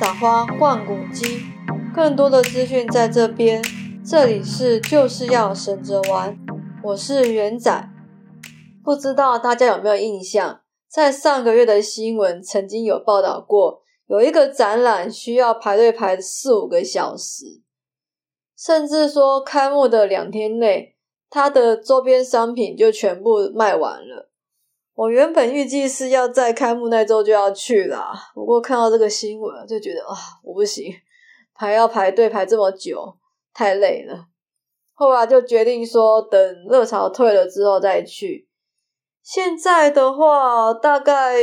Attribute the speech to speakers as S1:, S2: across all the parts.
S1: 賞花逛古蹟，更多的資訊在這邊。這裡是就是要省着玩。我是元仔，不知道大家有沒有印象，在上個月的新聞曾經有報道過，有一個展覽需要排隊排四五個小時，甚至說開幕的兩天內，它的周邊商品就全部賣完了。我原本預計是要在開幕那周就要去了，不過看到這個新聞就覺得啊，我不行，排要排隊排這麼久，太累了。後來就決定說等熱潮退了之後再去。現在的話，大概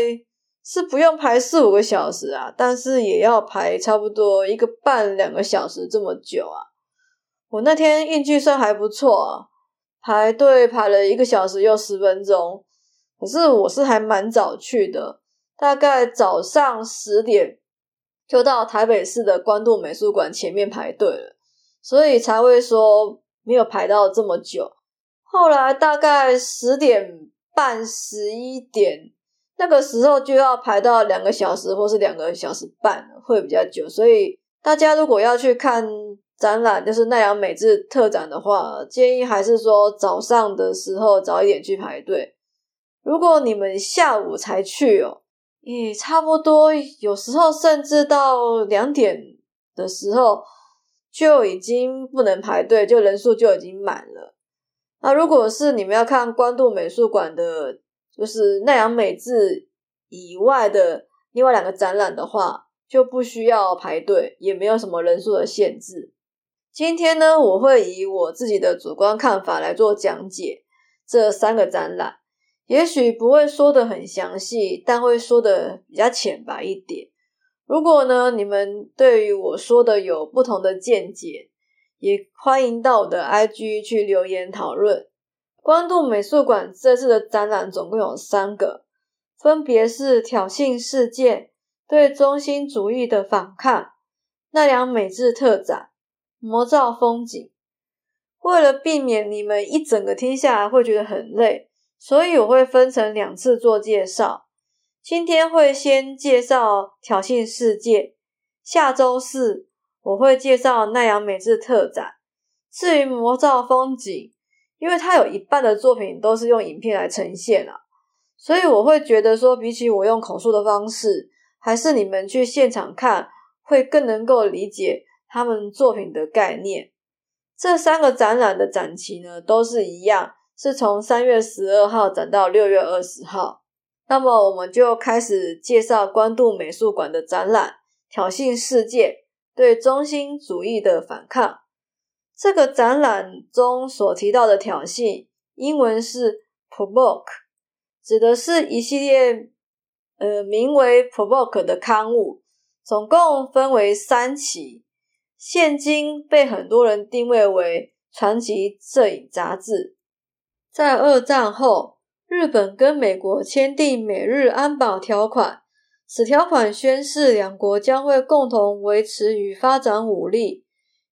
S1: 是不用排四五個小時啊，但是也要排差不多一個半兩個小時這麼久啊。我那天運氣算還不錯，啊，排隊排了一個小時又十分鐘。可是我是還蠻早去的，大概早上十點就到台北市的關渡美術館前面排隊了，所以才會說沒有排到這麼久。後來大概十點半、十一點那個時候就要排到兩個小時或是兩個小時半，會比較久。所以大家如果要去看展覽，就是奈良美智特展的話，建議還是說早上的時候早一點去排隊。如果你們下午才去哦，也差不多。有時候甚至到兩點的時候，就已經不能排隊，就人數就已經滿了。那如果是你們要看關渡美術館的，就是奈良美智以外的另外兩個展覽的話，就不需要排隊，也沒有什麼人數的限制。今天呢，我會以我自己的主觀看法來做講解這三個展覽。也許不會說得很詳細，但會說得比較淺白一點。如果呢，你們對於我說的有不同的見解，也歡迎到我的 IG 去留言討論。關渡美術館這次的展覽總共有三個，分別是《挑釁世界》對中心主義的反抗、奈良美智特展《魔造風景》。為了避免你們一整個聽下來會覺得很累。所以我會分成兩次做介紹，今天會先介紹挑釁世界，下周四我會介紹奈良美智特展。至於魔造風景，因為它有一半的作品都是用影片來呈現啊，所以我會覺得說，比起我用口述的方式，還是你們去現場看會更能夠理解他們作品的概念。這三個展覽的展期呢，都是一樣。是從三月十二號展到六月二十號，那麼我們就開始介紹關渡美術館的展覽《挑釁世界：對中心主義的反抗》。這個展覽中所提到的“挑釁”英文是 p r o v o e 指的是一系列呃名為 p r o v o e 的刊物，總共分為三期，現今被很多人定位為傳奇攝影雜誌。在二戰後，日本跟美國簽訂《美日安保條款》，此條款宣示兩國將會共同維持與發展武力，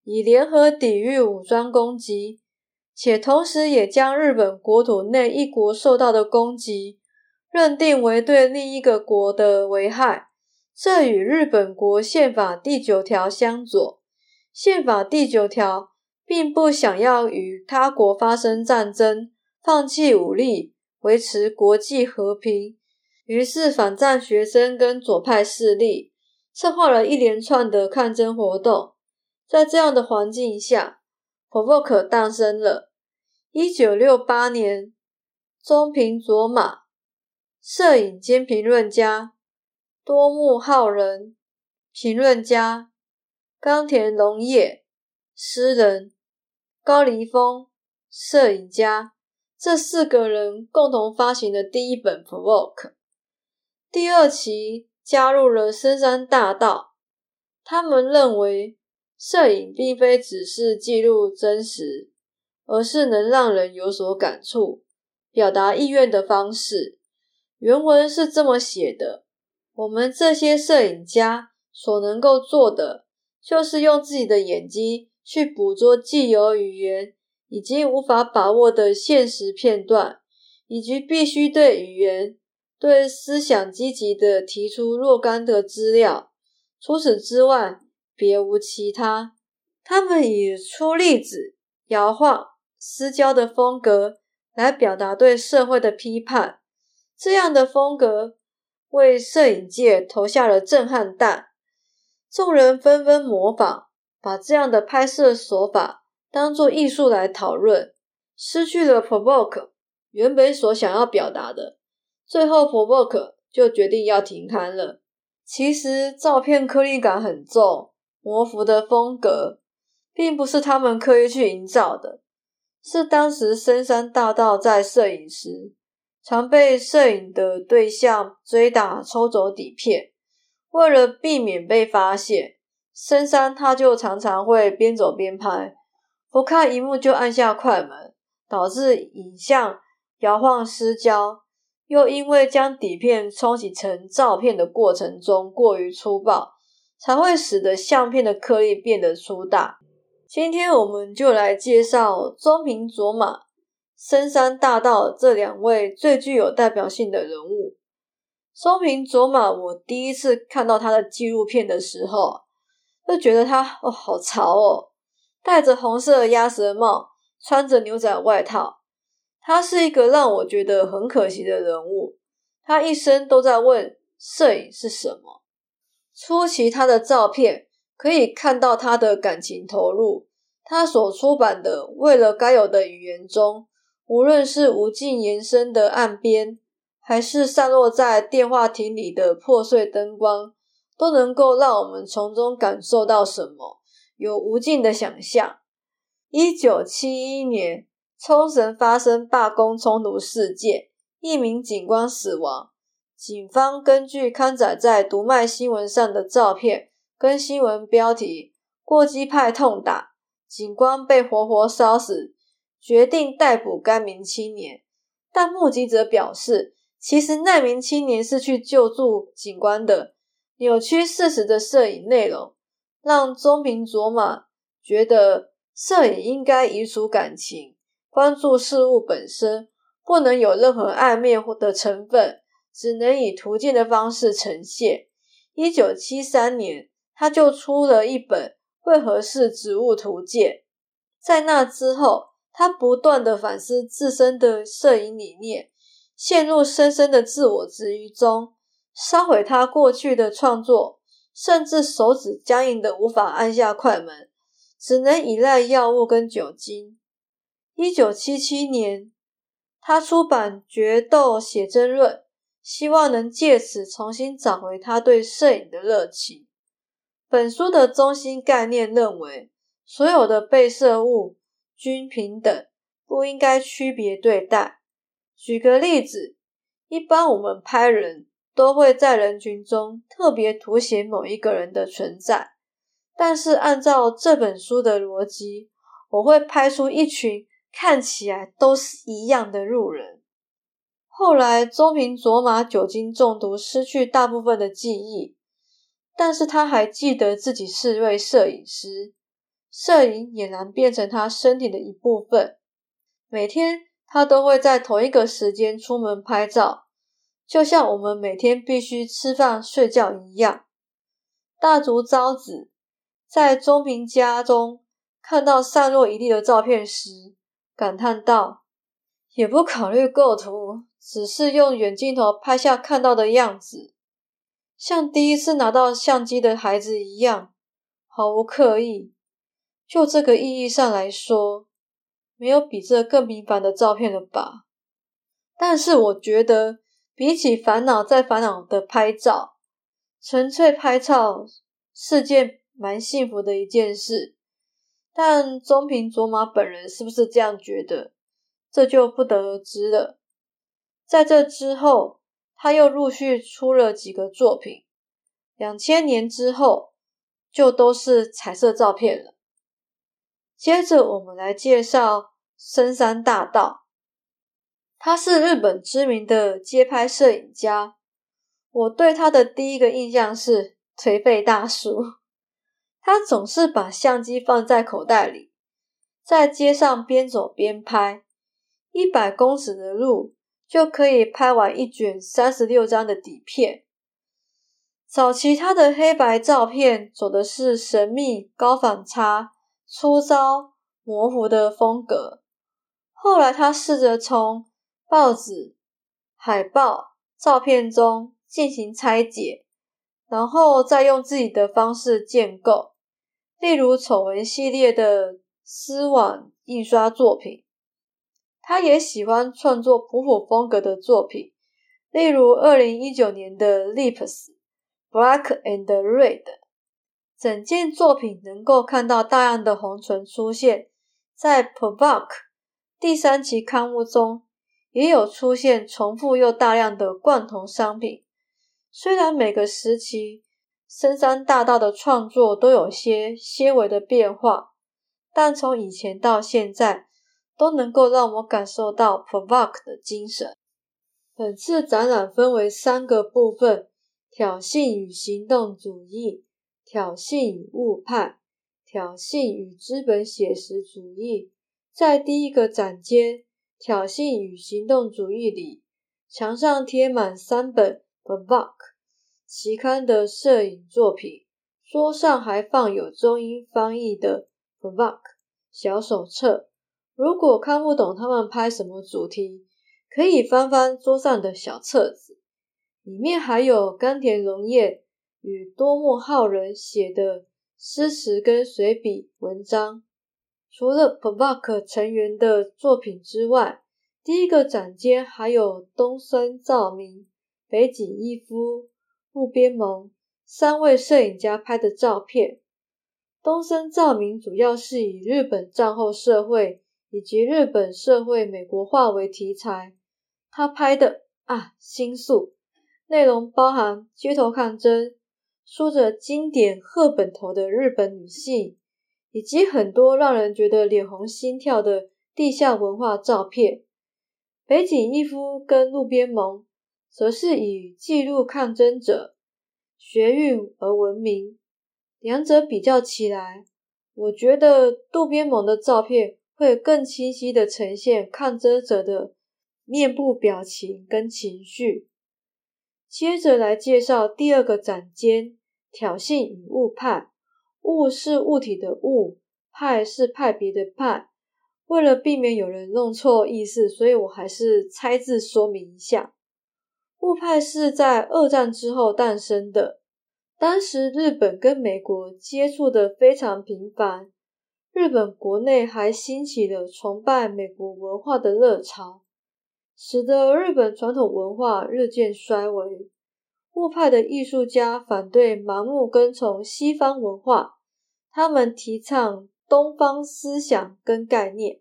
S1: 以聯合抵禦武裝攻擊，且同時也將日本國土內一國受到的攻擊，認定為對另一個國的危害。這與日本國憲法第九條相左。憲法第九條並不想要與他國發生戰爭。放棄武力，維持國際和平。於是，反戰學生跟左派勢力策劃了一連串的抗爭活動。在這樣的環境下，Provoke 誕生了。一九六八年，中平卓馬，攝影兼評論家；多木浩人，評論家；岡田龍葉，詩人；高梨豐，攝影家。這四個人共同發行的第一本《Provoke》，第二期加入了深山大道。他們認為，攝影並非只是記錄真實，而是能讓人有所感觸、表達意願的方式。原文是這麼寫的：“我們這些攝影家所能夠做的，就是用自己的眼睛去捕捉既有語言。”以及無法把握的現實片段，以及必須對語言、對思想積極地提出若干的資料。除此之外，別無其他。他們以粗粒子、搖晃、失焦的風格來表達對社會的批判。這樣的風格為攝影界投下了震撼彈，眾人紛紛模仿，把這樣的拍攝手法。當做藝術來討論，失去了 Provoke 原本所想要表達的，最後 Provoke 就決定要停刊了。其實照片顆粒感，很重，模糊的風格，並不是他們刻意去營造的，是當時森山大道在攝影時，常被攝影的對象追打抽走底片，為了避免被發現，森山他就常常會邊走邊拍。不看螢幕就按下快門，導致影像搖晃失焦；又因為將底片沖洗成照片的過程中過於粗暴，才會使得相片的顆粒變得粗大。今天我們就來介紹中平卓馬、森山大道這兩位最具有代表性的人物。中平卓馬，我第一次看到他的紀錄片的時候，就覺得他哦好潮哦。戴着紅色鴨舌帽，穿着牛仔外套，他是一個讓我覺得很可惜的人物。他一生都在問攝影是什麼。出其他的照片可以看到他的感情投入。他所出版的《為了該有的語言》中，無論是無盡延伸的岸邊，還是散落在電話亭裡的破碎燈光，都能夠讓我們從中感受到什麼。有無盡的想象。一九七一年，沖繩發生罷工衝突事件，一名警官死亡。警方根據刊載在《讀賣新聞》上的照片跟新聞標題“過激派痛打警官被活活燒死”，決定逮捕該名青年。但目擊者表示，其實那名青年是去救助警官的。扭曲事實的攝影內容。讓宗平卓瑪覺得，攝影應該移除感情，關注事物本身，不能有任何曖昧的成分，只能以圖鑑的方式呈現。一九七三年，他就出了一本《為何是植物圖鑑》。在那之後，他不斷地反思自身的攝影理念，陷入深深的自我質疑中，燒毀他過去的創作。甚至手指僵硬的無法按下快門，只能依賴藥物跟酒精。一九七七年，他出版《決鬥寫真論》，希望能借此重新找回他對攝影的熱情。本書的中心概念認為，所有的被攝物均平等，不應該區別對待。舉個例子，一般我們拍人。都會在人群中特別凸顯某一個人的存在。但是按照這本書的邏輯，我會拍出一群看起來都是一樣的路人。後來，中平卓馬酒精中毒，失去大部分的記憶，但是他還記得自己是一位攝影師，攝影儼然變成他身體的一部分。每天，他都會在同一個時間出門拍照。就像我們每天必須吃飯睡覺一樣。大竹昭子在中平家中看到散落一地的照片時，感嘆道：“也不考慮構圖，只是用遠鏡頭拍下看到的樣子，像第一次拿到相機的孩子一樣，毫無刻意。就這個意義上來說，沒有比這更平凡的照片了吧？但是我覺得。”比起煩惱，在煩惱的拍照，純粹拍照是件蠻幸福的一件事。但中平卓馬本人是不是這樣覺得，這就不得而知了。在這之後，他又陸續出了幾個作品。兩千年之後，就都是彩色照片了。接着，我們來介紹深山大道。他是日本知名的街拍攝影家。我對他的第一個印象是頹廢大叔。他總是把相機放在口袋裡，在街上邊走邊拍。一百公尺的路就可以拍完一卷三十六張的底片。早期他的黑白照片走的是神秘、高反差、粗糙、模糊的風格。後來他試着從報紙、海報、照片中進行拆解，然後再用自己的方式建構。例如，醜聞系列的絲網印刷作品，他也喜歡創作普普風格的作品，例如二零一九年的《Lips Black and Red》。整件作品能夠看到大量的紅唇出現在《Provoke》第三期刊物中。也有出現重複又大量的罐頭商品。雖然每個時期森山大道的創作都有些些微的變化，但從以前到現在都能夠讓我感受到 Provoke 的精神。本次展覽分為三個部分：挑釁與行動主義、挑釁與物派、挑釁與資本寫實主義。在第一個展間，《挑釁與行動主義》裡，牆上貼滿三本《Provoke》期刊的攝影作品，桌上還放有中英翻譯的《Provoke》小手冊。如果看不懂他們拍什麼主題，可以翻翻桌上的小冊子，裡面還有岡田隆彥與多木浩人寫的詩詞跟隨筆文章。除了 Provoke 成員的作品之外，第一個展間還有東森照明、北井一夫、木邊萌三位攝影家拍的照片。東森照明主要是以日本戰後社會以及日本社會美國化為題材。他拍的啊，新宿，內容包含街頭抗爭，梳着經典赫本頭的日本女性。以及很多讓人覺得臉紅心跳的地下文化照片。北井一夫跟渡邊萌則是以記錄抗爭者學運而聞名。兩者比較起來，我覺得渡邊萌的照片會更清晰地呈現抗爭者的面部表情跟情緒。接着來介紹第二個展間：挑釁與物派。物是物體的物，派是派別的派。為了避免有人弄錯意思，所以我還是猜字說明一下。物派是在二戰之後誕生的，當時日本跟美國接觸得非常頻繁，日本國內還興起了崇拜美國文化的熱潮，使得日本傳統文化日漸衰微。物派的藝術家反對盲目跟從西方文化，他們提倡東方思想跟概念。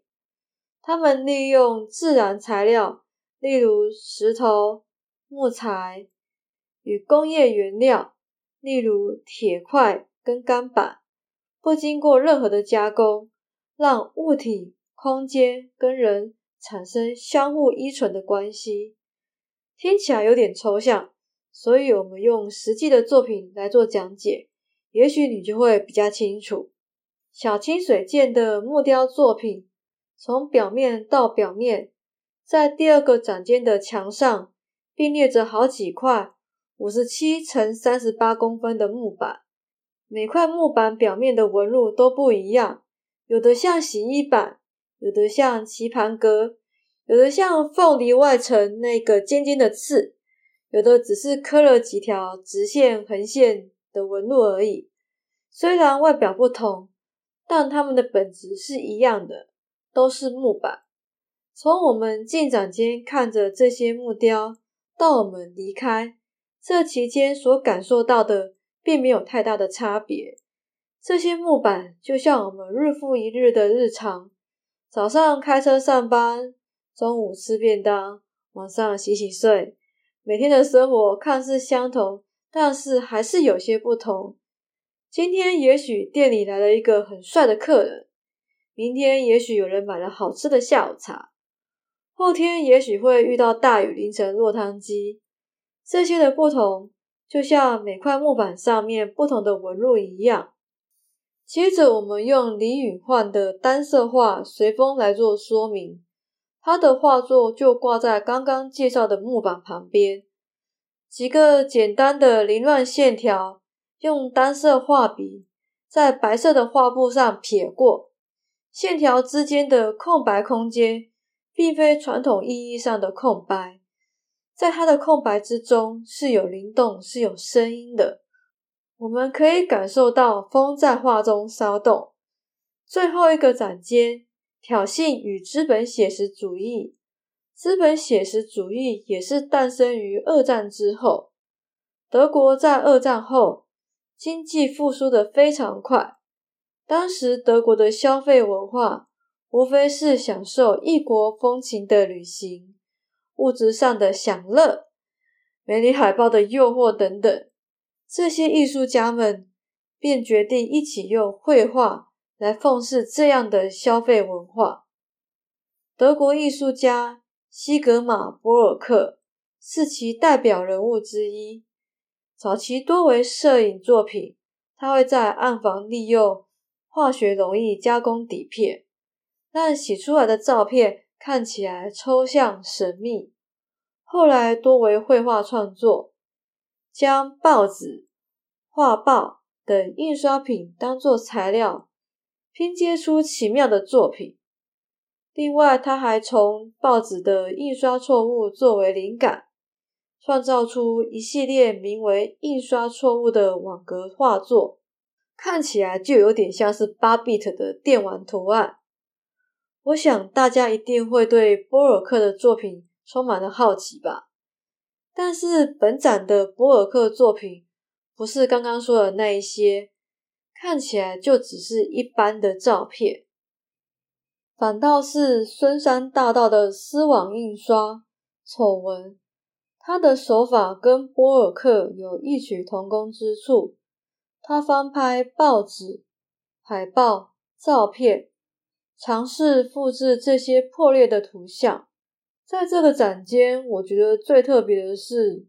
S1: 他們利用自然材料，例如石頭、木材，與工業原料，例如鐵塊跟鋼板，不經過任何的加工，讓物體、空間跟人產生相互依存的關係。聽起來有點抽象。所以，我們用實際的作品來做講解，也許你就會比較清楚。小清水漸的木雕作品，從表面到表面，在第二個展間的牆上，並列着好幾塊五十七乘三十八公分的木板，每塊木板表面的紋路都不一樣，有的像洗衣板，有的像棋盤格，有的像鳳梨外層那個尖尖的刺。有的只是刻了幾條直線、橫線的紋路而已。雖然外表不同，但它們的本質是一樣的，都是木板。從我們進展間看着這些木雕，到我們離開，這期間所感受到的並沒有太大的差別。這些木板就像我們日復一日的日常：早上開車上班，中午吃便當，晚上洗洗睡。每天的生活看似相同，但是還是有些不同。今天也許店裡來了一個很帥的客人，明天也許有人買了好吃的下午茶，後天也許會遇到大雨淋成落湯雞。這些的不同，就像每塊木板上面不同的紋路一樣。接着，我們用李禹煥的單色畫《隨風》來做說明。他的畫作就掛在剛剛介紹的木板旁邊，幾個簡單的凌亂線條，用單色畫筆在白色的畫布上撇過，線條之間的空白空間，並非傳統意義上的空白。在他的空白之中是有靈動，是有聲音的，我們可以感受到風在畫中騷動。最後一個展間。挑釁與資本寫實主義，資本寫實主義也是誕生於二戰之後。德國在二戰後經濟復甦得非常快，當時德國的消費文化無非是享受異國風情的旅行、物質上的享樂、美女海報的誘惑等等。這些藝術家們便決定一起用繪畫。來奉祀這樣的消費文化，德國藝術家西格瑪·博爾克是其代表人物之一。早期多為攝影作品，他會在暗房利用化學溶液加工底片，但洗出來的照片看起來抽象神秘。後來多為繪畫創作，將報紙、畫報等印刷品當作材料。拼接出奇妙的作品。另外，他還從報紙的印刷錯誤作為靈感，創造出一系列名為“印刷錯誤”的網格畫作，看起來就有點像是 8bit 的電玩圖案。我想大家一定會對波爾克的作品充滿了好奇吧？但是，本展的波爾克作品不是剛剛說的那一些。看起來就只是一般的照片，反倒是森山大道的絲網印刷醜聞，他的手法跟波爾克有異曲同工之處，他翻拍報紙、海報、照片，嘗試複製這些破裂的圖像。在這個展間，我覺得最特別的是，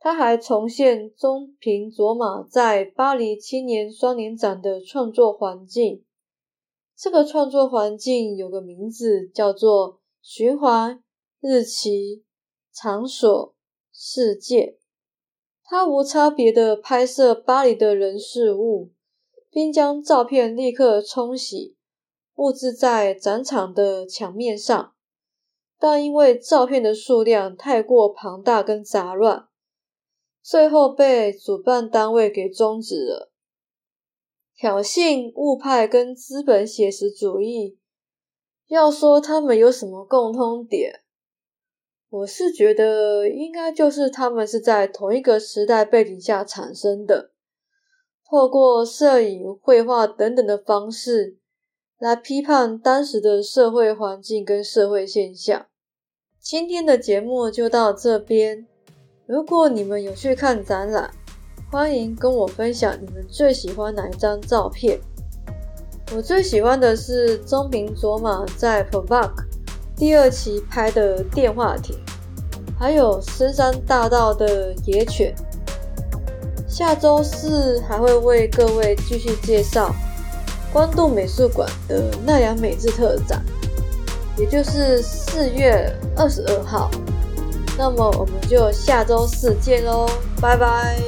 S1: 他還重現中平卓瑪在巴黎青年雙年展的創作環境。這個創作環境有個名字，叫做“循環日期場所世界”。他無差別的拍攝巴黎的人事物，並將照片立刻沖洗，布置在展場的牆面上。但因為照片的數量太過龐大跟雜亂。最後被主辦單位給終止了。挑釁、物派跟資本寫實主義，要說他們有什麼共通點，我是覺得應該就是他們是在同一個時代背景下產生的，透過攝影、繪畫等等的方式，來批判當時的社會環境跟社會現象。今天的節目就到這邊。如果你們有去看展覽，歡迎跟我分享你們最喜歡哪一張照片。我最喜歡的是中平卓馬在 Provoke 第二期拍的電話亭，還有深山大道的野犬。下周四還會為各位繼續介紹關渡美術館的奈良美智特展，也就是四月二十二號。那麼我們就下周四見嘍，拜拜。